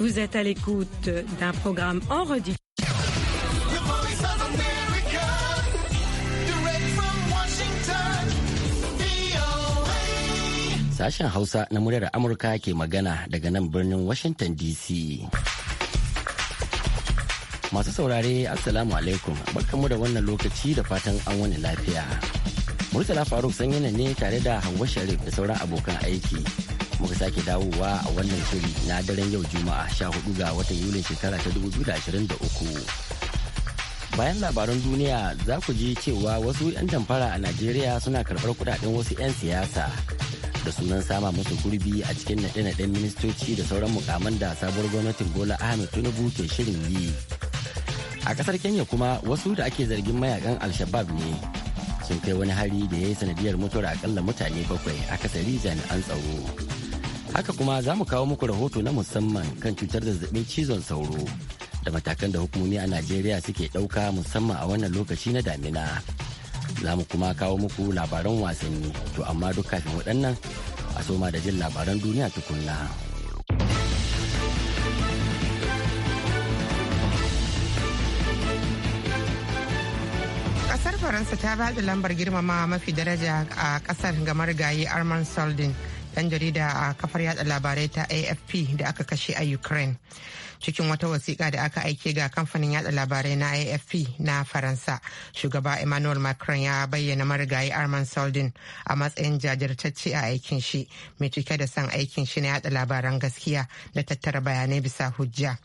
Vous êtes à l'écoute d'un programme en rediffusion. Sashen Hausa na muryar Amurka ke magana daga nan birnin Washington DC. Masu saurare Assalamu alaikum barkamu da wannan lokaci da fatan an wani lafiya. Murtala Faruk sanyi ne tare da Hauwa Sharif da sauran abokan aiki. muka sake dawowa a wannan shiri na daren yau juma'a sha hudu ga watan yulin shekara ta da uku. bayan labaran duniya za ku ji cewa wasu 'yan tamfara a najeriya suna karɓar kudaden wasu 'yan siyasa da sunan sama musu gurbi a cikin naɗe-naɗen ministoci da sauran mukaman da sabuwar gwamnatin bola ahmed tinubu ke shirin yi a ƙasar kenya kuma wasu da ake zargin mayakan alshabab ne sun kai wani hari da ya yi sanadiyar mutuwar akalla mutane bakwai akasari jami'an tsaro Haka kuma za mu kawo muku rahoto na musamman kan cutar zazzabin cizon sauro da matakan da hukumomi a Najeriya suke ɗauka musamman a wannan lokaci na damina. Za mu kuma kawo muku labaran wasanni to amma duk kafin waɗannan a soma da jin labaran duniya tukunna. Faransa ta ba da lambar girmama mafi daraja a kasar ga marigayi Armand Soldin ɗan jarida a kafar yatsa labarai ta afp da aka kashe a ukraine cikin wata wasiƙa da aka aike ga kamfanin yada labarai na afp na faransa shugaba emmanuel macron ya bayyana marigayi arman saldin a matsayin jajirtacce a aikin shi mai cike da son aikin shi na yada labaran gaskiya da tattara bayanai bisa hujja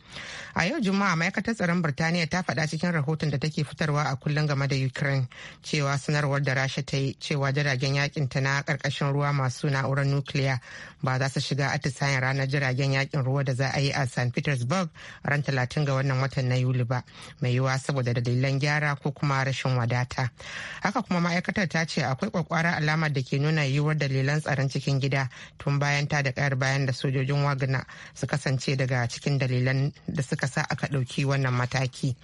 a yau juma'a ma'aikatar tsaron birtaniya ta faɗa cikin rahoton da take fitarwa a kullum game da ukraine cewa sanarwar da rasha ta yi cewa jiragen yakin ta na karkashin ruwa masu na'urar nukiliya ba za su shiga atisayen ranar jiragen yakin ruwa da za a yi a st petersburg dokan ran talatin ga wannan watan na yuli ba mai yiwuwa saboda dalilan gyara ko kuma rashin wadata haka kuma ma'aikatar ta ce akwai kwakwara alamar da ke nuna yiwuwar dalilan tsaron cikin gida tun bayan ta da kayar bayan da sojojin wagana su kasance daga cikin dalilan da suka sa aka ɗauki wannan mataki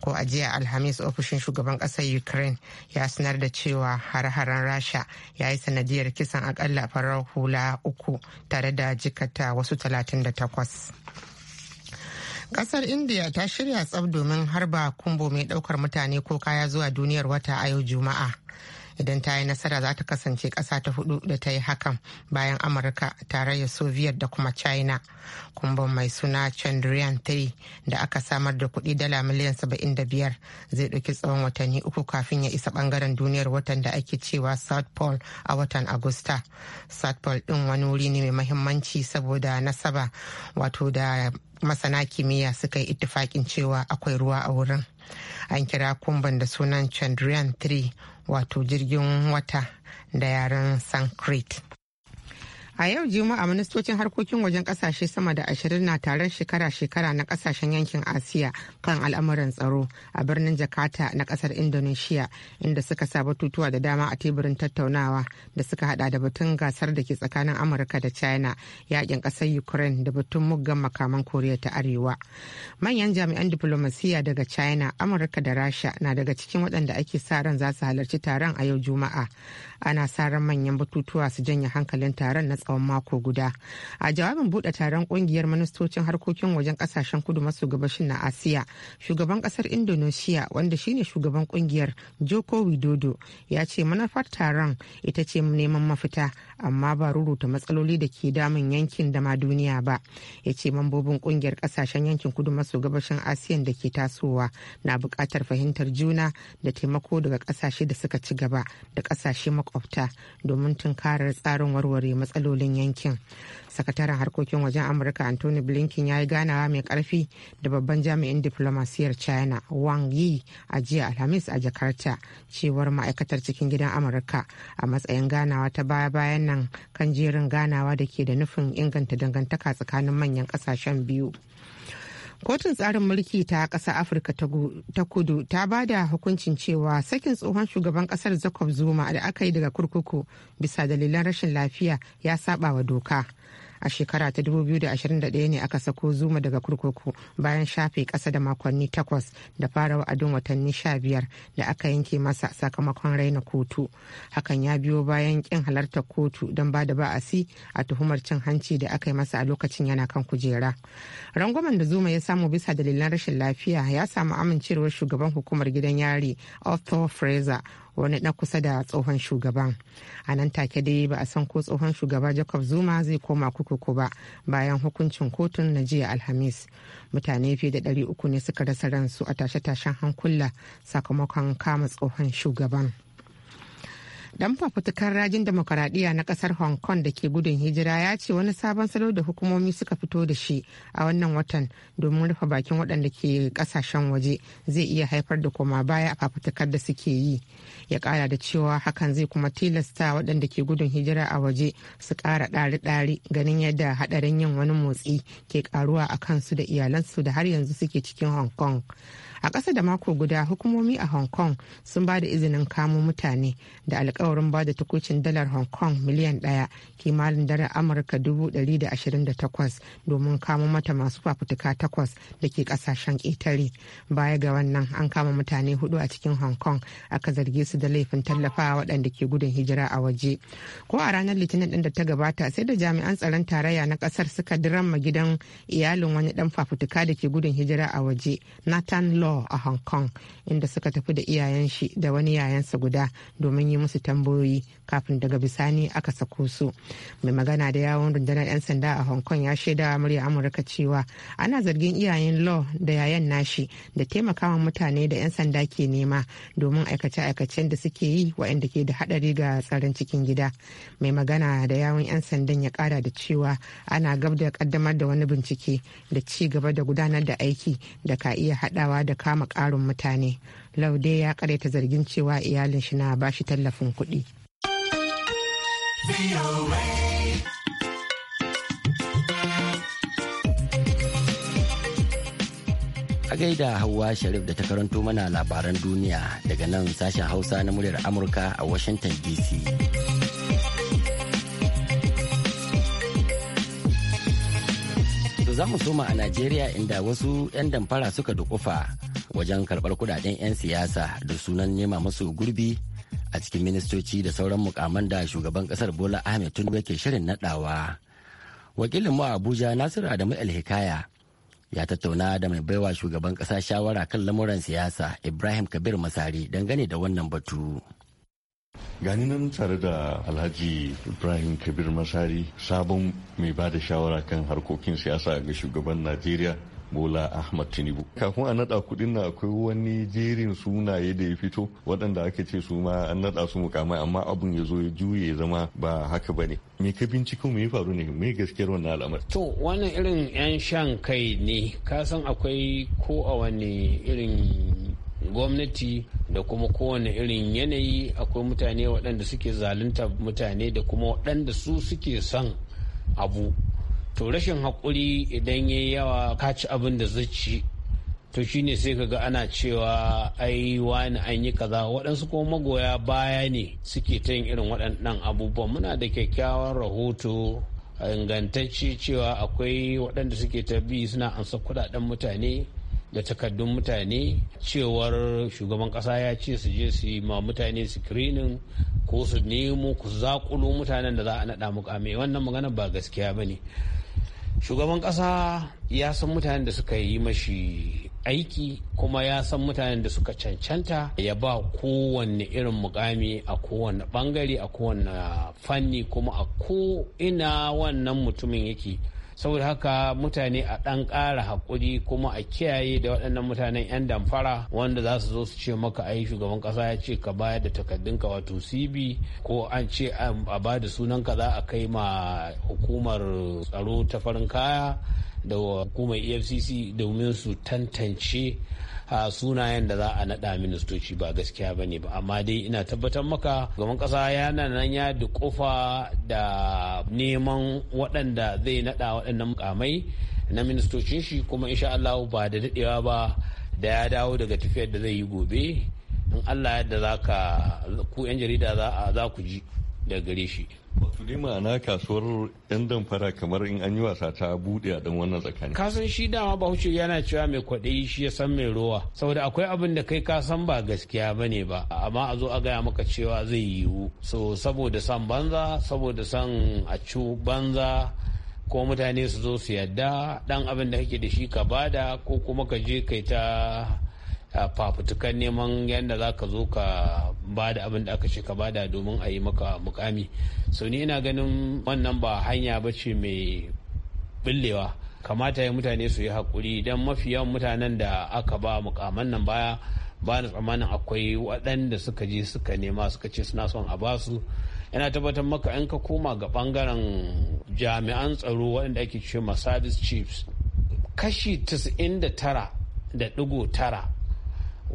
ko a jiya alhamis ofishin shugaban ƙasar ukraine ya sanar da cewa har-haren rasha ya yi sanadiyar kisan akalla farar hula uku tare da jikata wasu takwas. Kasar India ta shirya tsab domin harba kumbo mai daukar mutane ko kaya zuwa duniyar wata a yau Juma'a. Idan ta yi nasara za ta kasance ƙasa ta hudu da ta yi hakan bayan Amurka, tare da Soviet da kuma China. Kumbon mai suna Chandrayaan 3 da aka samar da kudi dala miliyan 75 zai dauki tsawon watanni uku kafin ya isa bangaren duniyar watan da ake cewa South Pole a watan Agusta. South Pole din wani wuri ne mai mahimmanci saboda nasaba wato da masana kimiyya suka yi ittifakin cewa akwai ruwa a wurin an kira kumban da sunan chandrayaan 3 wato jirgin wata da yaren sanskrit A yau Juma'a ministocin harkokin wajen kasashe sama da ashirin na taron shekara-shekara na kasashen yankin Asiya kan al'amuran tsaro a birnin Jakarta na kasar Indonesia inda suka sa batutuwa da dama a teburin tattaunawa da suka hada da batun gasar da ke tsakanin Amurka da China yakin kasar Ukraine da batun muggan makaman Koriya ta Arewa. Manyan jami'an diplomasiya daga China, Amurka da Rasha na daga cikin waɗanda ake sa ran za su halarci taron a yau Juma'a. Ana sa ran manyan batutuwa su janye hankalin taron na tsawon mako guda a jawabin buɗe taron ƙungiyar ministocin harkokin wajen ƙasashen kudu maso gabashin na asiya shugaban ƙasar indonesia wanda shine shugaban ƙungiyar joko widodo ya ce manufar taron ita ce neman mafita amma ba ruruta matsaloli da ke damun yankin da ma duniya ba ya ce mambobin ƙungiyar ƙasashen yankin kudu maso gabashin asiyan da ke tasowa na buƙatar fahimtar juna da taimako daga kasashe da suka ci gaba da kasashe makwabta domin tunkarar tsarin warware matsaloli matsalolin yankin sakataren harkokin wajen amurka anthony blinken ya yi ganawa mai karfi da babban jami'in diplomasiyar china wang yi a jiya alhamis a jakarta cewar ma'aikatar cikin gidan amurka a matsayin ganawa ta baya bayan nan kan jerin ganawa da ke da nufin inganta dangantaka tsakanin manyan kasashen biyu kotun tsarin mulki ta ƙasa afirka ta kudu ta ba da hukuncin cewa sakin tsohon shugaban ƙasar zakob zuma da aka yi daga kurkuku bisa dalilan rashin lafiya ya saba wa doka a shekara ta 2021 ne aka sako zuma daga kurkuku bayan shafe ƙasa da makonni takwas da fara wa'adin watanni 15 da aka yanke masa sakamakon raina kotu hakan ya biyo bayan ƙin halartar kotu don ba da ba'asi a tuhumar cin hanci da aka yi masa a lokacin yana kan kujera rangwamen da zuma ya samu bisa dalilan rashin lafiya ya samu amincewar shugaban hukumar gidan yari arthur fraser wani na kusa da tsohon shugaban a nan take dai ba a san ko tsohon shugaba jacob zuma zai koma kukuku ba bayan hukuncin kotun na jiya alhamis mutane fiye da ɗari uku ne suka rasa ransu a tashe-tashen hankula sakamakon kama tsohon shugaban dan fafutukar rajin demokaradiyya na ƙasar hong kong da ke gudun hijira ya ce wani sabon salo da hukumomi suka fito da shi a wannan watan domin rufe bakin waɗanda ke kasashen waje zai iya haifar da koma baya a fafutukar da suke yi ya ƙara da cewa hakan zai kuma tilasta waɗanda ke gudun hijira a waje su ƙara ɗari-ɗari ganin yadda haɗarin yin wani motsi ke ƙaruwa a kansu da iyalansu da har yanzu suke cikin hong kong a ƙasa da mako guda hukumomi a hong kong sun ba da izinin kamo mutane da alkawarin ba da tukucin dalar hong kong miliyan ɗaya kimanin dalar amurka 128 domin kamo mata masu fafutuka takwas da ke ƙasashen ƙetare baya ga wannan an kama mutane hudu a cikin hong kong aka zarge su da laifin tallafawa waɗanda ke gudun hijira a waje ko a ranar litinin ɗin da ta gabata sai da jami'an tsaron tarayya na ƙasar suka diramma gidan iyalin wani ɗan fafutuka da ke gudun hijira a waje nathan law Law a Hong Kong inda suka tafi da iyayen shi da wani yayansa guda domin yi musu tambayoyi kafin daga bisani aka sako su. Mai magana da yawon rundunar 'yan sanda a Hong Kong ya shaida murya Amurka cewa ana zargin iyayen Law da yayan nashi da taimakawa mutane da 'yan sanda ke nema domin aikace-aikacen da suke yi waɗanda ke da haɗari ga tsaron cikin gida. Mai magana da yawon 'yan sandan ya kara da cewa ana gab da ƙaddamar da wani bincike da ci gaba da gudanar da aiki da ka iya haɗawa da kama karin mutane laude ya karyata zargin cewa iyalin shi na bashi tallafin kuɗi. a gaida hawa Sharif da ta karanto mana labaran duniya daga nan sashen Hausa na muryar Amurka a Washington DC. za mu soma a Najeriya inda wasu 'yan damfara suka dukufa wajen karɓar kudaden 'yan siyasa da sunan nema musu gurbi a cikin ministoci da sauran mukaman da shugaban kasar bola ahmed tun ke shirin nadawa wakilinmu a abuja nasiru adamu hikaya ya tattauna da mai baiwa shugaban kasa shawara kan lamuran siyasa ibrahim kabir masari dangane da wannan batu gani nan tare da alhaji ibrahim kabir masari sabon mai bada shawara kan harkokin siyasa ga shugaban najeriya bola ahmad tinubu kafin a naɗa kuɗin na akwai wani jerin sunaye da ya fito waɗanda ake ce su ma an naɗa su mukamai amma abun ya zo ya juye zama ba haka ba ne me ka binciko me ya faru ne me gaskiyar wannan al'amar to wannan irin yan shan kai ne ka san akwai ko a wani irin gwamnati da kuma kowane irin yanayi akwai mutane waɗanda suke zalunta mutane da kuma waɗanda su suke son abu to rashin haƙuri idan ya yi yawa ka ci abin da zai ci to shine sai ka ga ana cewa ai wani an yi kaza waɗansu kuma magoya baya ne suke ta yin irin waɗannan abubuwan muna da kyakkyawan rahoto a ingantacce cewa akwai waɗanda suke ta bi suna ansa kuɗaɗen mutane da takardun mutane cewar shugaban ƙasa ya ce su je su yi ma mutane screening ko su nemo ku zaƙulo mutanen da za a naɗa mukamai wannan magana ba gaskiya ba ne shugaban kasa ya san mutanen da suka yi mashi aiki kuma ya san mutanen da suka cancanta ya ba kowanne irin mukami a kowanne bangare a kowanne fanni kuma a ko ina wannan mutumin yake saboda haka mutane a ɗan ƙara haƙuri kuma a kiyaye da waɗannan mutanen 'yan damfara wanda za su zo su ce maka ai shugaban ƙasa ya ce ka bayar da takardunka wato cb ko an ce a ba da sunanka za a kai ma hukumar tsaro ta farin kaya da hukumar efcc domin su tantance a sunayen da za a naɗa ministoci ba gaskiya ba ne ba amma dai ina tabbatar maka gaban ƙasa ya nan ya da kofa da neman waɗanda zai naɗa waɗannan mukamai na ministocin shi kuma insha Allah ba da daɗewa ba da ya dawo daga tafiyar da zai yi gobe in Allah yadda za ka ku 'yan jarida za ku ji da gare shi wato dai ma'ana kasuwar yan damfara kamar in an yi wasa ta buɗe a dan wannan tsakani ka san shi dama bahaushe yana cewa mai kwaɗayi shi ya san mai rowa saboda akwai abin da kai ka san ba gaskiya ba ne ba amma a zo a gaya maka cewa zai yiwu so saboda san banza saboda san a ci banza ko mutane su zo su yadda dan abin da kake da shi ka bada ko kuma ka je kai ta fafutukan neman yadda za ka zo ka ba da abin da aka ce ka ba da domin a yi maka mukami so ni ina ganin wannan ba hanya ba ce mai billewa kamata ya mutane su yi haƙuri don mafi yawan mutanen da aka ba mukaman nan baya ba na tsammanin akwai waɗanda suka je suka nema suka ce suna son a basu yana tabbatar maka in ka koma ga bangaren jami'an tsaro waɗanda ake ce ma service chiefs kashi 99 da digo tara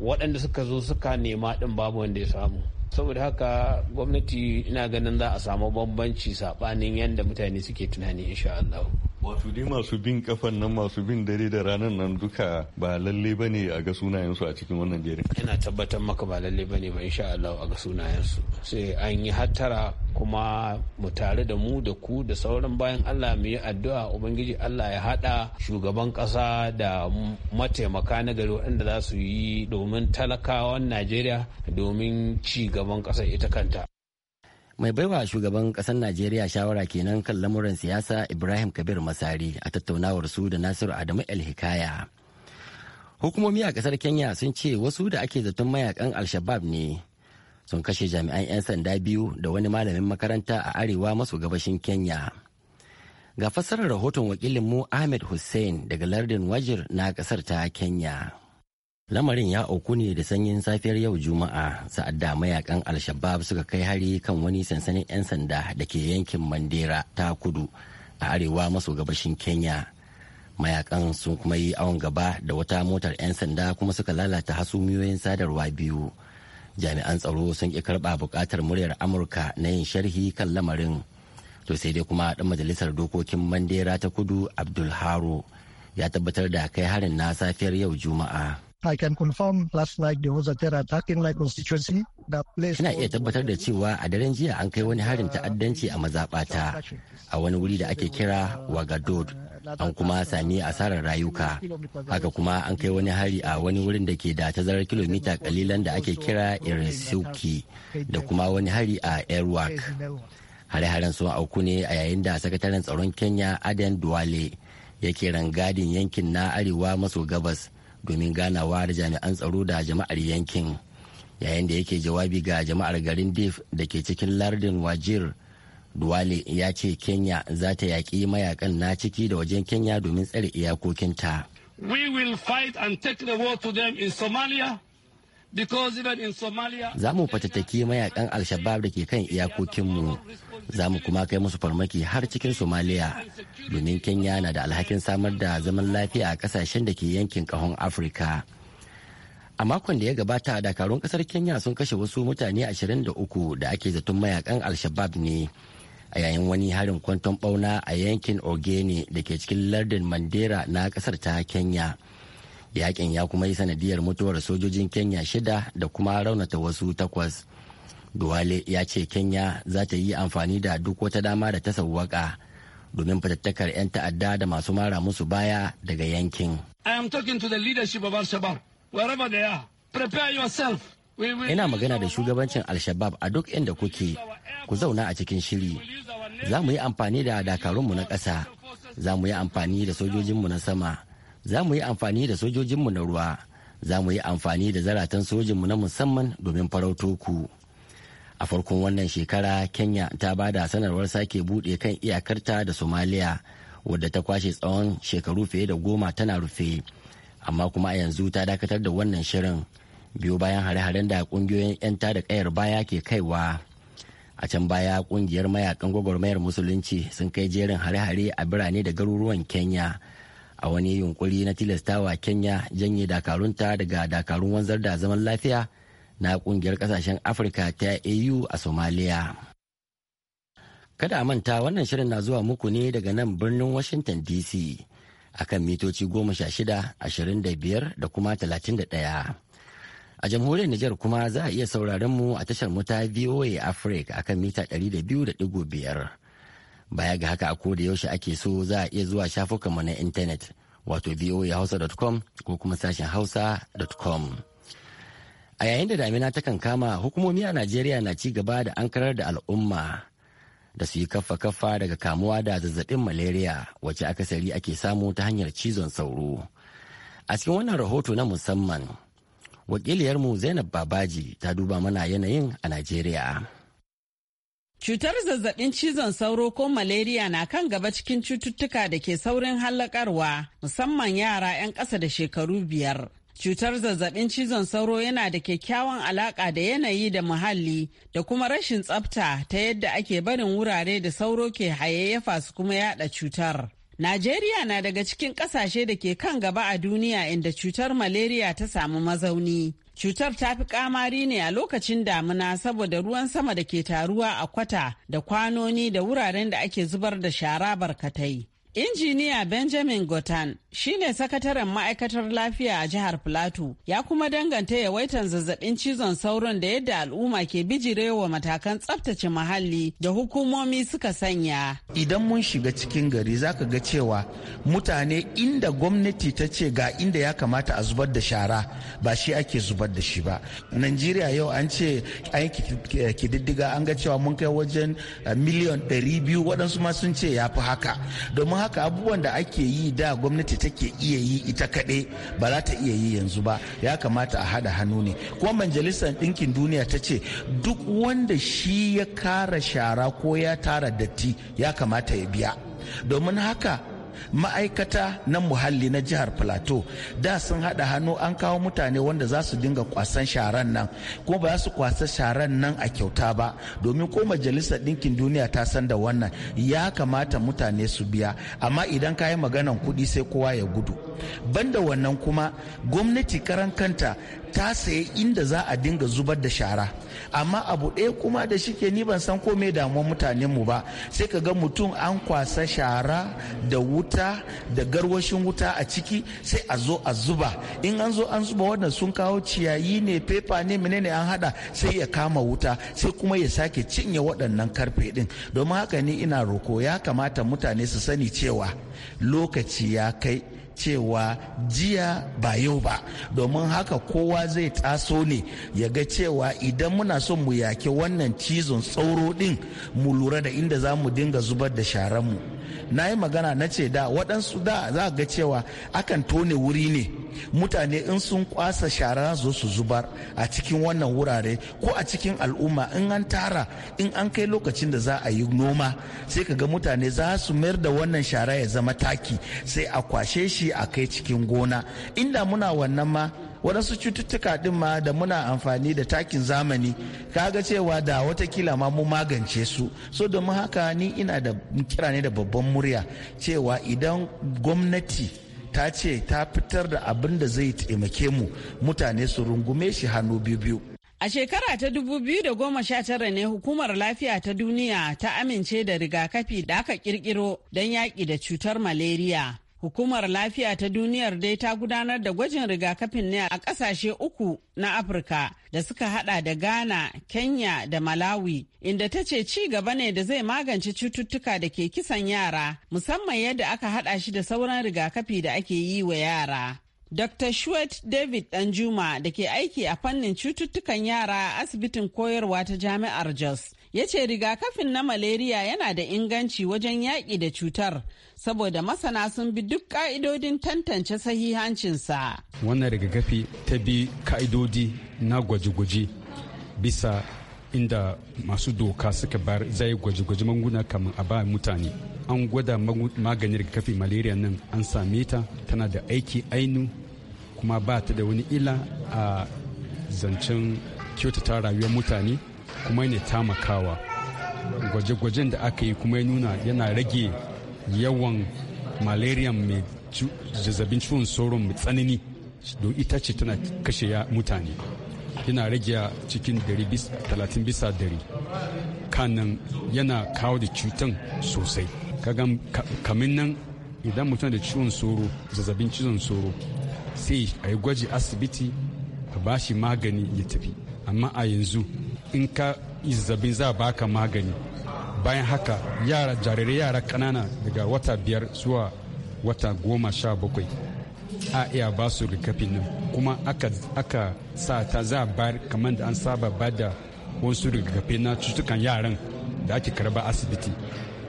waɗanda suka zo suka nema ɗin babu wanda ya samu saboda haka gwamnati ina ganin za a samu bambanci saɓanin yadda mutane suke tunani insha Allah. wato dai masu bin kafan nan masu bin dare da ranar nan duka ba lalle ba ne a ga sunayensu a cikin wannan jerin ina tabbatar maka ba lalle ba ne ba insha Allah a ga sunayensu sai an yi hattara kuma mu tare da mu da ku da sauran bayan Allah mu yi addu'a ubangiji Allah ya hada shugaban kasa da mataimaka na gari waɗanda za su yi domin talakawan Najeriya domin ci gaban ƙasar ita kanta mai baiwa shugaban kasar najeriya shawara kenan kan lamuran siyasa ibrahim kabir masari a tattaunawar su da nasiru adamu el hikaya hukumomi a kasar kenya sun ce wasu da ake zaton mayakan al-shabab ne sun kashe jami'an 'yan sanda biyu da wani malamin makaranta a arewa maso gabashin kenya ga fassarar rahoton wakilinmu ahmed hussein daga lardin wajir na kasar ta kenya Lamarin ya auku ne da sanyin safiyar yau Juma'a sa'ad da mayakan Alshabab suka kai hari kan wani sansanin 'yan sanda da ke yankin Mandera ta kudu a arewa maso gabashin Kenya. Mayakan sun kuma yi awon gaba da wata motar 'yan sanda kuma suka lalata hasumiyoyin sadarwa biyu. Jami'an tsaro sun ƙi karɓa buƙatar muryar Amurka na yin sharhi kan lamarin. To sai dai kuma ɗan majalisar dokokin Mandera ta kudu Abdul Haro ya tabbatar da kai harin na safiyar yau Juma'a. I can confirm last night there was a terror attack in my constituency. Ina iya tabbatar da cewa a daren jiya an kai wani harin ta'addanci a mazaɓata a wani wuri da ake kira Wagadod. An kuma sami asarar rayuka. Haka kuma an kai wani hari a wani wurin da ke da tazarar kilomita kalilan da ake kira Irisuki da kuma wani hari a Airwak. Hare-haren sun auku ne a yayin da sakataren tsaron Kenya Aden Duwale yake rangadin yankin na arewa maso gabas. domin ganawa da jami'an tsaro da jama'ar yankin yayin da yake jawabi ga jama'ar garin dif da ke cikin lardin wajir duwale ya ce kenya za ta yaƙi mayakan na ciki da wajen kenya domin tsare iyakokinta we will fight and take the war to them in somalia Za mu fatattaki mayakan Al-Shabab da ke kan iyakokinmu, za mu kuma kai musu farmaki har cikin Somalia, domin Kenya na da alhakin samar da zaman lafiya a kasashen da ke yankin kahon Afirka. A makon da ya gabata, dakarun kasar Kenya sun kashe wasu mutane 23 da ake zaton mayakan Al-Shabab ne. a yayin wani harin kwanton bauna a yankin ogene da ke cikin lardin mandera na kasar ta kenya yakin ya kuma yi sanadiyar mutuwar sojojin kenya shida da kuma raunata wasu takwas duwale ya ce kenya za ta yi amfani da duk wata dama da ta sauwaka domin fitattakar 'yan ta'adda da masu mara musu baya daga yankin i ina magana da shugabancin al-shabab a duk inda kuke ku zauna a cikin shiri za mu yi amfani da dakarunmu na ƙasa za mu yi amfani da sojojinmu na sama za mu yi amfani da sojojinmu na ruwa za mu yi amfani da zaratan sojinmu na musamman domin farauto ku a farkon wannan shekara kenya ta ba da sanarwar sake buɗe kan iyakarta da somaliya wadda ta kwashe tsawon shekaru fiye da goma tana rufe amma kuma a yanzu ta dakatar da wannan shirin biyo bayan hare-haren da kungiyoyin 'yan da kayar baya ke kaiwa a can baya kungiyar mayakan gwagwarmayar musulunci sun kai jerin hare-hare a birane da garuruwan kenya a wani yunkuri na tilastawa kenya janye dakarunta daga dakarun wanzar da zaman lafiya na kungiyar kasashen afirka ta au a somalia kada a manta wannan shirin na zuwa muku ne daga nan birnin washington dc akan mitoci goma sha shida ashirin da kuma talatin ɗaya a jamhuriyar niger kuma za a iya sauraron mu a tashar mu ta voa africa akan mita 200.5 da baya ga haka a da yaushe ake so za a iya zuwa shafukanmu na intanet wato voahausa.com ko kuma sashen hausa.com a yayin da damina ta kama hukumomi a najeriya na ci gaba da ankarar da al'umma da su yi kaffa kaffa daga kamuwa da zazzabin malaria wacce akasari ake samu ta hanyar cizon sauro a cikin wannan rahoto na musamman wakiliyarmu zainab babaji ta duba mana yanayin a najeriya Cutar zazzabin cizon sauro ko malaria na kan gaba cikin cututtuka da ke saurin hallakarwa musamman yara 'yan ƙasa da shekaru biyar. Cutar zazzabin cizon sauro yana da kyakkyawan alaƙa da yanayi da muhalli da kuma rashin tsafta ta yadda ake barin wurare da sauro ke hayayyafa su kuma yada cutar. Najeriya na daga cikin ƙasashe da ke kan gaba a duniya inda cutar malaria ta samu mazauni. Cutar ta fi kamari ne a lokacin damina saboda ruwan sama da ke taruwa a kwata da kwanoni da wuraren da ake zubar da shara barkatai. Injiniya Benjamin Gotan shi ne sakataren ma'aikatar lafiya a jihar Filato ya kuma danganta yawaitar zazzabin cizon sauron da yadda al'umma ke bijirewa matakan tsaftace muhalli da hukumomi suka sanya. Idan mun shiga cikin gari za ka ga cewa mutane inda gwamnati ta ce ga inda ya kamata a zubar da shara ba shi ake zubar da shi ba. Najeriya yau an ce an ga cewa mun kai wajen eh, miliyan biyu waɗansu ma sun ce ya fi haka. haka abubuwan da ake yi da gwamnati take iya yi ita kaɗai ba za ta iya yi yanzu ba ya kamata a hada hannu ne kuma majalisar ɗinkin duniya ta ce duk wanda shi ya kara shara ko ya tara datti ya kamata ya biya domin haka ma'aikata na muhalli na jihar plateau da sun haɗa hannu an kawo mutane wanda za su dinga kwasan sharan nan ko ba za su kwasa sharan nan a kyauta ba domin ko majalisar ɗinkin duniya ta san da wannan ya kamata mutane su biya amma idan ka yi maganan kuɗi sai kowa ya gudu banda wannan kuma gwamnati karan kanta ta sayi inda za a dinga zubar da shara amma abu ɗaya kuma da shike ni ban san ko me damuwar mutanen mu ba sai ka ga mutum an kwasa shara da wuta da garwashin wuta a ciki sai a zo a zuba in an zo an zuba wannan sun kawo ciyayi ne fefa ne menene an hada sai ya kama wuta sai kuma ya sake cinye waɗannan karfe din domin haka ni ina roko ya kamata mutane su sani cewa lokaci ya kai cewa jiya ba yau ba domin haka kowa zai taso ne ya ga cewa idan muna son mu yake wannan cizon tsauro din mu lura da inda za mu dinga zubar da sharanmu na yi magana na ce da waɗansu da za ga cewa akan tone wuri ne mutane in sun kwasa shara zo su zubar a cikin wannan wurare ko a cikin al'umma in an tara in an kai lokacin da za a yi noma sai ka ga mutane za su mayar da wannan shara ya zama taki sai a kwashe shi a kai cikin gona inda muna wannan ma waɗansu cututtuka ɗin ma da muna amfani da takin zamani kaga cewa da watakila ma mu magance su so domin haka ni ina da kira ne da babban murya cewa idan gwamnati ta ce ta fitar da abin da zai taimake mu mutane su rungume shi hannu biyu A shekara ta 2019 ne hukumar lafiya ta duniya ta amince da rigakafi da aka kirkiro don yaƙi da cutar malaria. Hukumar Lafiya ta Duniyar dai ta gudanar da gwajin rigakafin ne a ƙasashe uku na Afirka da suka hada da Ghana, Kenya da Malawi, inda ta ce ci gaba ne da zai magance cututtuka da ke kisan yara, musamman yadda aka hada shi da sauran rigakafi da ake yi wa yara. Dr. Shuet David Danjuma da ke aiki a fannin cututtukan yara a asibitin koyarwa ta Jami'ar Jos ya ce rigakafin na malaria yana da inganci wajen yaƙi da cutar saboda masana sun bi duk ka'idodin tantance sahihancinsa. wannan rigakafi ta bi ka'idodi na gwaje-gwaje bisa inda masu doka suka bar zai gwaje-gwaje manguna kamar a ba mutane an gwada maganin rigakafi malaria nan an same ta tana da aiki ainu kuma ba ta da wani ila a zancen kyautata rayuwar mutane kuma ne tamakawa gwaje-gwajen da aka yi kuma ya nuna yana rage yawan malaria mai zazzabin ciwon sauron mai tsanani don ita ce tana kashe ya mutane yana rage cikin 30 bisa dari kanan yana kawo da cutan sosai kagan kamin nan idan mutum da ciwon soro zazzabin cizon soro sai a yi gwaji asibiti a bashi magani ya tafi amma a yanzu in ka zabi za baka magani bayan haka yara jarirai yara kanana daga wata biyar zuwa wata goma sha bakwai a iya ba su rigakafin nan kuma aka, sa ta za bayar kamar da an saba ba da wasu rigakafi na cutukan yaran da ake karba asibiti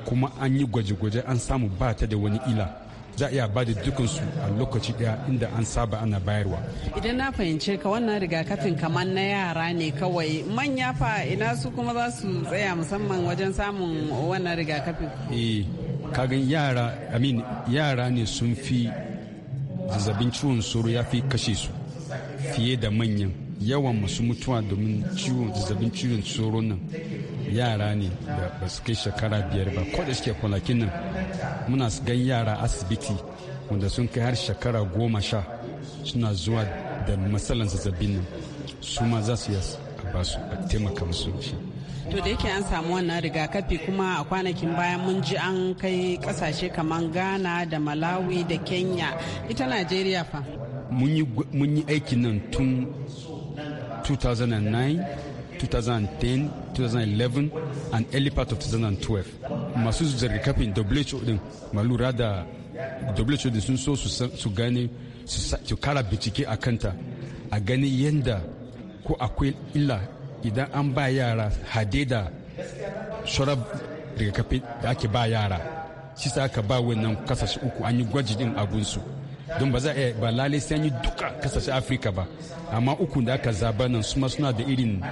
kuma an yi gwaje-gwaje an samu ba ta da wani ila za a iya ba da dukansu a lokaci daya inda an saba ana bayarwa idan na fahimce ka wannan rigakafin kamar na yara ne kawai manya fa ina su kuma za su tsaya musamman wajen samun wannan rigakafin eh, kagan yara amin yara ne sun fi zazzabin ciwon soro ya fi kashe su fiye da manyan yawan masu mutuwa domin ciwon zazzabin ciwon soro nan yara ne da ba su kai shekara biyar ba ko da suke kwanakin nan muna gan yara asibiti wanda sun kai har shekara goma sha suna zuwa da matsalan zazzabin nan su ma za su yi a ba su a taimaka musu shi to da yake an samu wannan rigakafi kuma a kwanakin bayan mun ji an kai kasashe kamar ghana da malawi da kenya ita najeriya fa mun yi aikin nan tun 2009 2010 2011 and early part of 2012 masu kafin who din malura da who din sun so su gane su kara bincike a kanta a gani yadda ko akwai illa idan an ba yara hade da shorar rigakafi da ake ba yara shi sa aka ba wannan kasashe uku an yi gwaji din abunsu don ba za a ba lalai sai an yi duka kasashe afirka ba amma uku da aka zaba nan suma suna da irin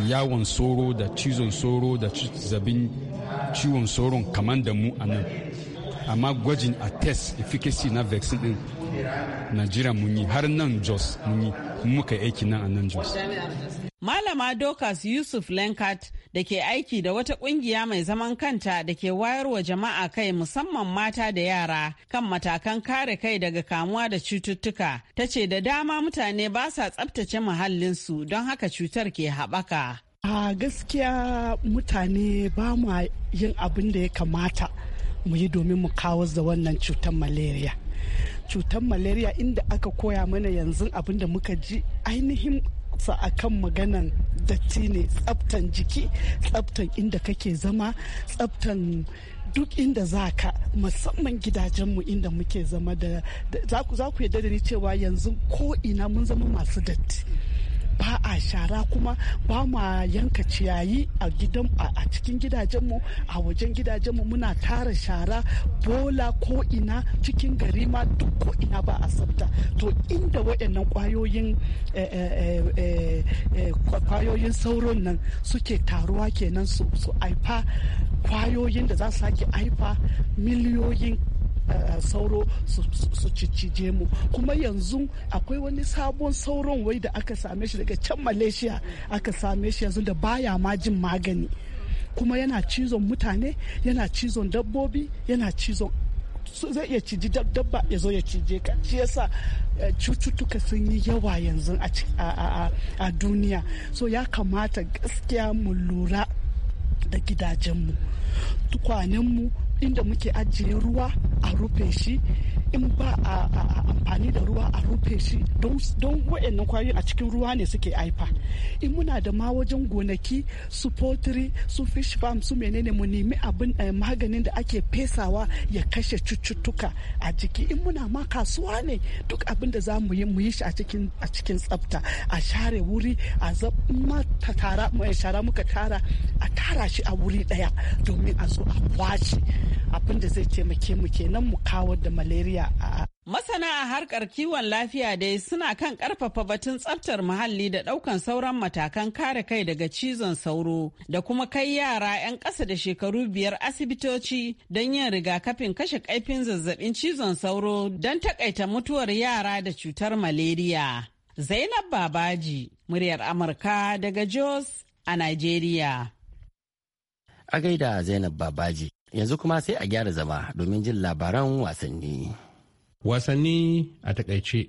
yawon soro da cizon soro da zabin ciwon soron kamar da mu a nan amma gwajin a test efficacy na vaccine din na jira mun yi har nan Jos mun yi muka aiki nan a nan Jos. Malama Dokas Yusuf Lenkat da ke aiki da wata kungiya mai zaman kanta da ke wayar wa jama'a kai musamman mata da yara kan matakan kare kai daga kamuwa da cututtuka ta ce da dama mutane ba sa tsabtace muhallinsu don haka cutar ke haɓaka. A gaskiya mutane ba ma yin abin da ya kamata mu yi domin mu kawo da wannan cutar malaria. cutar malaria inda aka koya mana yanzu abinda muka ji ainihin sa a kan maganan datti ne tsaftan jiki tsaftan inda kake zama tsaftan duk inda za ka musamman gidajenmu inda muke zama da za ku yadda da ni cewa yanzu ko ina mun zama masu datti ba a shara kuma ba ma yanka ciyayi a gidan a cikin gidajenmu a wajen gidajenmu muna tara shara bola ko ina cikin gari ma duk ko ina ba a tsabta to inda waɗannan kwayoyin kwayoyin eh, eh, eh, sauron nan suke taruwa kenan su aifa kwayoyin da za su sake aifa miliyoyin sauro su cicije mu kuma yanzu akwai wani sabon sauron wai da aka same shi daga can malaysia aka same shi yanzu da baya ma jin magani kuma yana cizon mutane yana cizon dabbobi yana cizon zai iya ciji dabba ya zo ya cije ka shi yasa eh, cututtuka sun yi yawa yanzu a duniya so ya kamata gaskiya mu lura da gidajenmu tukwanenmu inda muke ajiye ruwa a rufe shi in ba a amfani da ruwa a rufe shi don wa'annan kwayoyin a cikin ruwa ne suke haifa in muna da ma wajen gonaki su poultry su fish farm su menene mu nemi abin eh, maganin da ake fesawa ya kashe cututtuka a jiki in muna ma kasuwa ne duk abin da za mu yi mu yi shi a cikin tsafta a share wuri a ta tara shara muka tara a tara shi a wuri daya domin a zo a kwashe abin da zai taimake mu kenan mu kawar da malaria a Masana a harkar kiwon lafiya dai suna kan karfafa batun tsaftar muhalli da daukan sauran matakan kare kai daga cizon sauro da kuma kai yara 'yan ƙasa da shekaru biyar asibitoci don yin rigakafin kashe kaifin zazzabin cizon sauro don takaita mutuwar yara da cutar malaria. Zainab Babaji, muryar Amurka daga Jos a Nigeria. A gaida Zainab Babaji. Yanzu kuma sai a gyara zama domin jin labaran wasanni. Wasanni a takaice.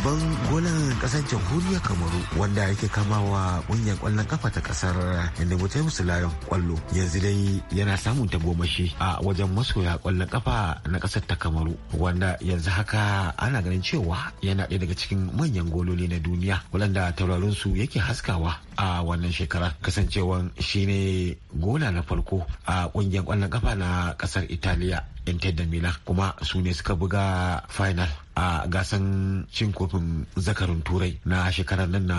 babban golan kasar jamhuriyar kamaru wanda yake kama wa kungiyar kwallon kafa ta kasar inda mutai musu layon kwallo yanzu dai yana samun ta tagomashi a wajen masoya kwallon kafa na kasar ta kamaru wanda yanzu haka ana ganin cewa yana ɗaya daga cikin manyan gololi na duniya waɗanda tauraron su yake haskawa a wannan shekara kasancewan shine gola na farko a kungiyar kwallon kafa na kasar italiya inter da milan kuma su ne suka buga final a gasan cin kofin zakarin turai na shekarar nan na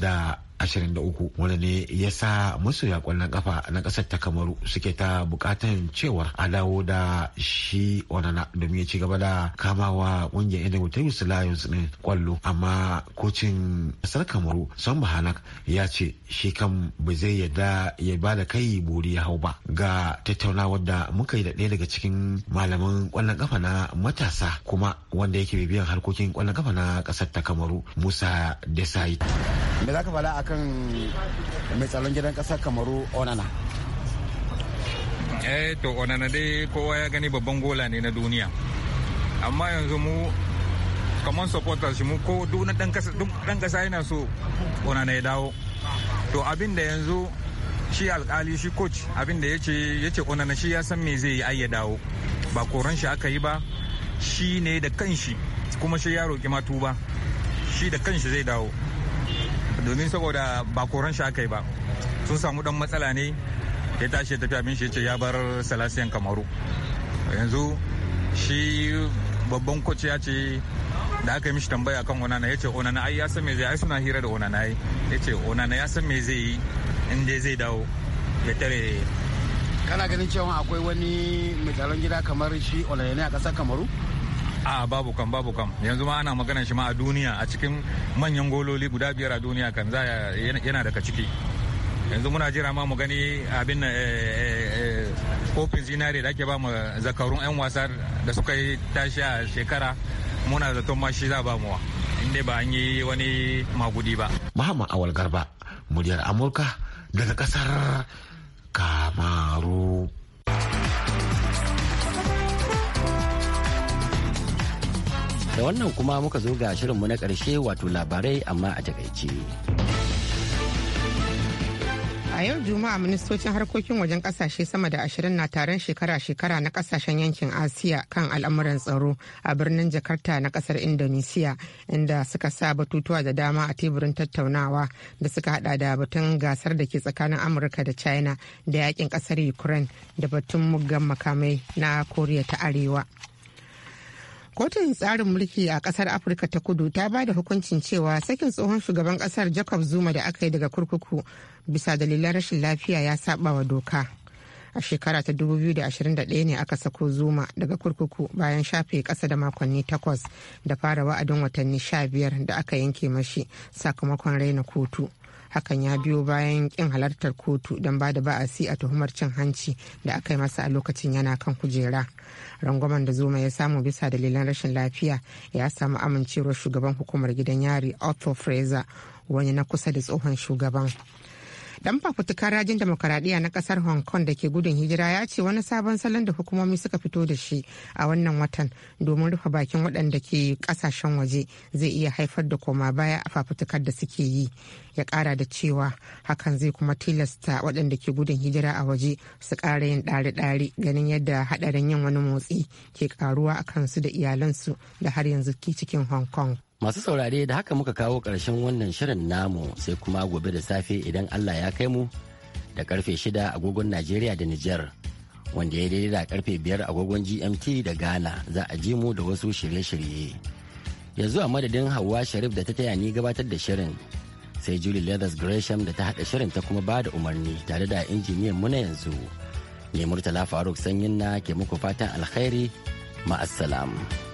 da 23 wanda ne ya sa masoya kwallon kafa na kasar ta kamaru suke ta bukatan cewa a dawo da shi onana domin ya ci gaba da kamawa kungiyar inda mutum lions ne kwallo amma kocin kasar kamaru son bahanak ya ce shi kan ba zai yarda ya ba da kai buri ya hau ba ga tattaunawar da muka yi da ɗaya daga cikin malaman kwallon kafa na matasa kuma wanda yake bibiyan harkokin kwallon kafa na kasar ta kamaru musa desai me za ka faɗa akan kan mai tsaron gidan kasa kamaru onana eh to onana dai kowa ya gani babban gola ne na duniya amma yanzu mu kamar supporters mu ko duk dan kasa yana so onana ya dawo to abin da yanzu shi alkali shi coach abin da ya ce onana shi ya san me zai yi ya dawo ba koran shi aka yi ba shi ne da kanshi kuma shi ya roƙi matuba shi da kanshi zai dawo domin saboda ba koran shi aka yi ba sun samu dan matsala ne ya tashi tafi abin shi ce ya bar salasiyan kamaru yanzu shi babban kwace ya ce da aka yi mishi tambaya kan onana ya ce onana ai ya san me zai ai suna hira da onana ai ya ce onana ya san me zai yi in dai zai dawo ya tare kana ganin cewa akwai wani mai taron gida kamar shi olayene a kasar kamaru a babu kam babu kam yanzu ma ana magana shi ma a duniya a cikin manyan gololi guda biyar a duniya kan za yana daga ciki yanzu muna jira ma mu gani abin eh, eh, eh, kofin zinare da ake ba mu zakarun 'yan wasar da suka yi tashi a shekara muna zaton ma shi za ba mu inda ba an yi wani magudi ba mahamman awal garba muryar amurka daga kasar kamaru da wannan kuma muka zo ga shirinmu na karshe wato labarai amma a takaice. a yau juma'a ministocin harkokin wajen kasashe sama da ashirin na taron shekara-shekara na kasashen yankin asiya kan al'amuran tsaro a birnin jakarta na kasar indonesia inda suka sa batutuwa da dama a teburin tattaunawa da suka hada da batun gasar da ke tsakanin amurka da china da yakin kasar ukraine da batun muggan makamai na koriya ta arewa kotun tsarin mulki a kasar afirka ta kudu ta ba da hukuncin cewa sakin tsohon shugaban kasar jacob zuma da aka yi daga kurkuku bisa dalilan rashin lafiya ya saba wa doka a shekara ta 2021 ne aka sako zuma daga kurkuku bayan shafe kasa da makonni takwas da fara wa'adin watanni 15 da aka yanke mashi sakamakon raina kotu hakan ya biyo bayan kin halartar kotu don ba da ba'asi a tuhumar cin hanci da aka yi masa a lokacin yana kan kujera rangwamen da zuma ya samu bisa dalilan rashin lafiya ya samu amincewar shugaban hukumar gidan yari arthur fraser wani na kusa da tsohon shugaban Dan fafutukar rajin demokaradiyya na kasar Hong Kong da ke gudun hijira ya ce wani sabon salon da hukumomi suka fito da shi a wannan watan domin rufe bakin waɗanda ke kasashen waje zai iya haifar da koma baya a fafutukar da suke yi. Ya kara da cewa hakan zai kuma tilasta waɗanda ke gudun hijira a waje su ƙara yin ɗare-ɗare ganin yadda haɗarin yin wani motsi ke ƙaruwa a kansu da iyalansu da har yanzu ke cikin Hong Kong. Masu saurare da haka muka kawo ƙarshen wannan shirin namu sai kuma gobe da safe idan Allah ya kai mu da karfe shida agogon Najeriya da Nijar wanda ya daidai da karfe biyar agogon GMT da Ghana za a ji mu da wasu shirye-shirye. Yanzu a madadin Hauwa Sharif da ta taya ni gabatar da shirin sai Julie Leathers Gresham da ta haɗa shirin ta kuma ba da umarni tare da injiniyan mu na yanzu. Ne Murtala Faruk Sanyin na ke muku fatan alkhairi ma'assalam.